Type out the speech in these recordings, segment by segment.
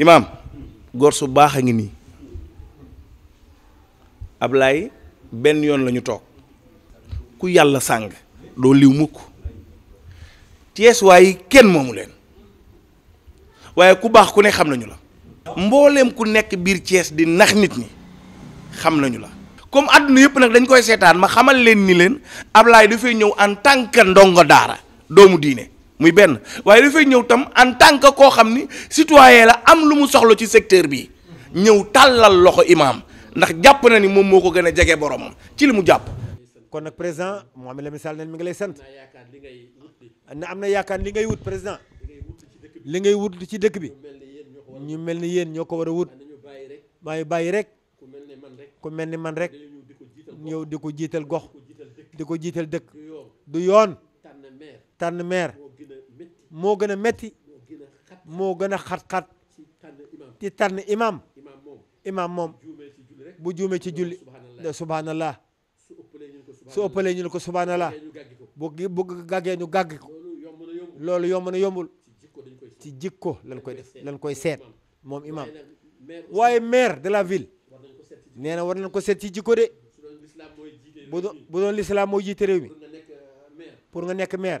Imam, góor su baax a ngi nii Ablaay benn yoon la ñu toog ku yàlla sàng doo liw mukk Cees waaye kenn moomu leen waaye ku baax ku ne xam nañu la mbooleem ku nekk biir Cees di nax nit ñi xam nañu la comme àdduna yëpp nag dañ koy seetaan ma xamal leen ni leen Ablaay dafay ñëw en tant que ndongo daara doomu diine muy benn waaye dafay ñëw tam en tant que koo xam ni citoyen la am lu mu soxla ci secteur bi ñëw tàllal loxo imaam ndax jàpp na ni moom moo ko gën a jege ma ci li mu jàpp. kon nag président Mouhamed Lamine Sall mi ngi lay sant na am na yaakaar li ngay wut président li ngay wut ci dëkk bi ñu mel ni yéen ñoo ko war a wut may bàyyi rek ku mel ni man rek ñëw di ko jiital gox di ko jiital dëkk du yoon tànn maire. moo gën a metti moo gën a xat-xat ci tànn imam imam moom bu juumee ci julli ne subhanallah su ëppalee ñu ne ko subhanallah bu bu gàggee ñu gàgg ko loolu yomb na yombul ci jikko lañ koy def lañ koy seet moom imam waaye maire de la ville nee na war nañ ko seet ci jikko de bu doon bu mooy jiite réew mi pour nga nekk mair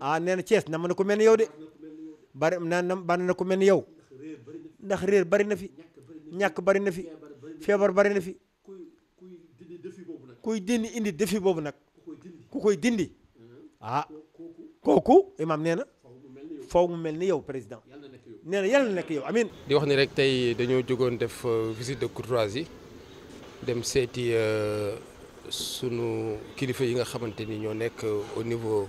ah nee na Thiès nam na ku mel ni yow de bari na bari na ku mel ni yow ndax réer bari na fi ñàkk bari na fi feebar bari na fi kuy dindi indi defi boobu nag ku koy dindi ah kooku imaam nee na faw mu mel ni yow président nee na yàlla na nekk yow amiin. di wax ni rek tey dañoo jógoon def euh, visit de courtoisie dem seeti euh, sunu kilifa yi nga xamante ni ñoo nekk euh, au niveau.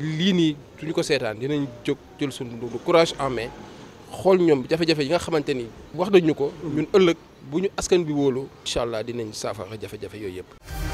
lii nii suñu ko seetaan dinañ jóg jël suñu courage en main xool ñoom jafe-jafe yi nga xamante ni wax nañu ko mm. ñun ëllëg bu ñu askan bi wóolu incha allah dinañ saafara jafe-jafe yooyu yëpp